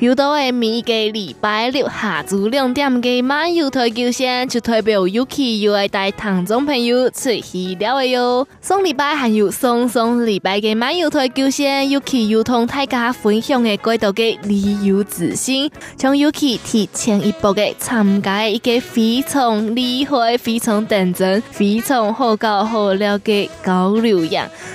有到誒，每個禮拜六下午兩點的漫遊台球星，就代表 Uki 又愛帶台中朋友出戲了喲。送禮拜還有雙雙禮拜嘅漫遊台球星 Uki 又同大家分享誒，幾多個旅遊資訊，將 Uki 提前一步嘅參加的一個非常厲害、非常認真、非常好搞好料嘅交流會，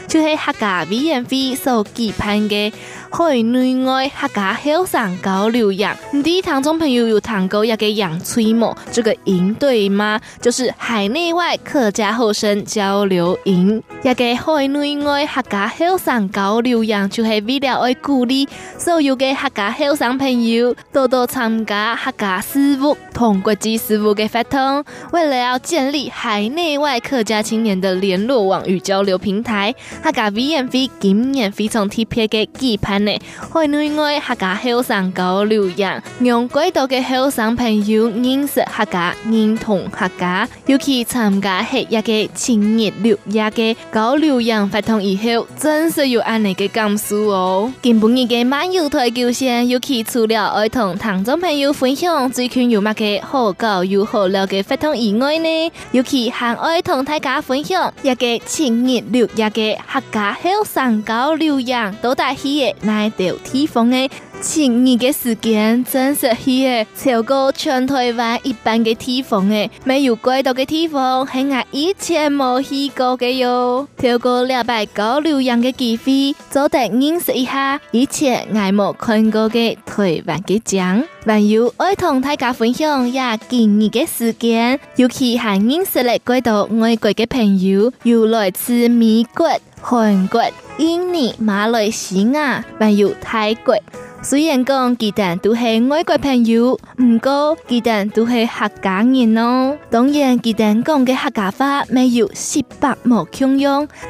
就是客家 VNF 所舉辦嘅。海內外客家後生交流營，你的堂中朋友有堂哥要給養吹麼？這個營對嗎？就是海內外客家後生交流營，也給海內外客家後生交流營，就是為了愛鼓勵所有嘅客家後生朋友多多參加客家事務同國際事務嘅活動，為了要建立海內外客家青年的聯絡網與交流平台。客家 VNV 今年非常特別嘅舉辦。海內外客家後生交流營，讓更多嘅後生朋友認識客家認同客家，尤其參加咗一個青年交流營嘅交流營活動以後，真是有呢樣嘅感受哦。根本嘅網友推薦，尤其除了愛同堂中朋友分享最近有乜嘅好搞又好料嘅活動以外呢，尤其還愛同大家分享一個青年交流營嘅客家後生交流營，都帶起嘅。到地方誒，今年的，的時間真實去誒，超過全台灣一半的地方誒，沒有軌道的地方係我以前冇去過嘅喲。透過呢擺交流嘅機會，做得認識一下以前我冇看過的台灣的景，還有愛同大家分享一下今日的時間，尤其係認識了軌道外國的朋友，有來自美國、韓國、印尼、馬來西亞，還有泰國，雖然講佢哋都是外國朋友，唔過佢哋都係客家人咯，哦。當然，佢哋講的客家話沒有舌白冇腔音。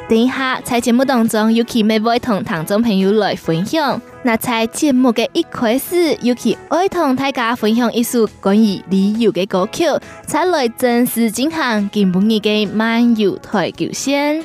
等一下喺節目當中，尤其會同聽眾朋友來分享。那在節目的一開始，尤其愛同大家分享一首關於旅遊的歌曲，才來正式進行今晡日嘅漫遊台球先。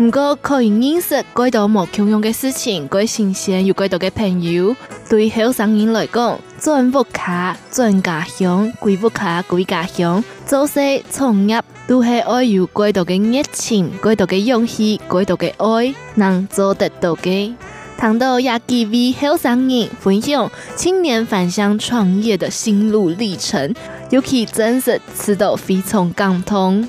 唔過可以認識幾多冇常用嘅事情，幾新鮮有幾多嘅朋友。對後生人來講，賺不卡進家鄉，歸不卡歸家鄉。做事創業，都係要有幾多嘅熱情，幾多嘅勇氣，幾多嘅愛，能做得到嘅。談到亞吉為後生人分享青年返鄉創業的心路歷程，尤其真實，尺度非常感動。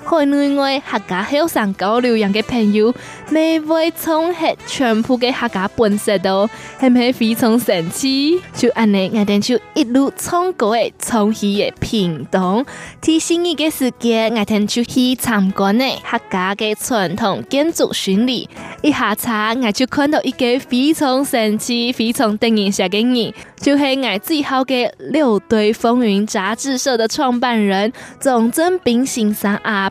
海內外客家後生交流營的朋友，每位從吃全部的客家本色都係唔係非常神奇。就安尼，我哋就一路從過誒，從起嘅平潭，提醒你嘅時間，我哋就去參觀呢客家的傳統建築巡禮。一下車，我就看到一個非常神奇、非常得意小經人，就是我最好的《六堆風雲》雜誌社的創辦人，鍾振斌先生啊。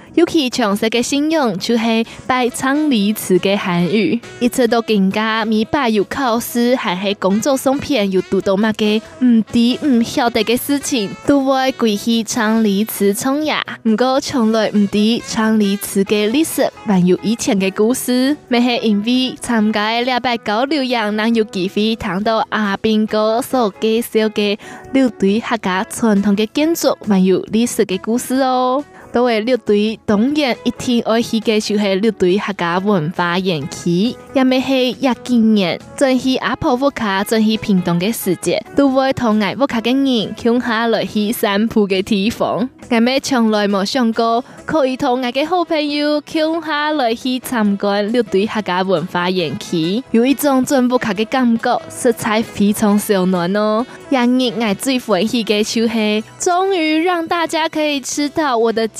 尤其常識的信仰，就是拜昌黎祠的韓愈，一直都更加明白，有考試，還係工作送片有讀到乜嘅唔知唔曉得的事情，都會跪去昌黎祠充牙。唔過從來唔知昌黎祠的歷史，還有以前的故事，咪係因為參加兩百高六陽，能有機會聽到阿斌哥所介紹嘅六堆客家傳統的建築，還有歷史的故事哦、喔。都會，六堆動員一天，我去個就係六堆客家文化園區。也咪係亞經驗，盡係阿婆屋卡，盡係屏東嘅時節，都同我會同阿婆卡嘅人，叫下來去散步嘅地方，我咪從來冇想過可以同我嘅好朋友，叫下來去參觀六堆客家文化園區，有一種進不卡嘅感覺，色彩非常上暖哦，讓人愛最歡喜嘅，終於讓大家可以吃到我的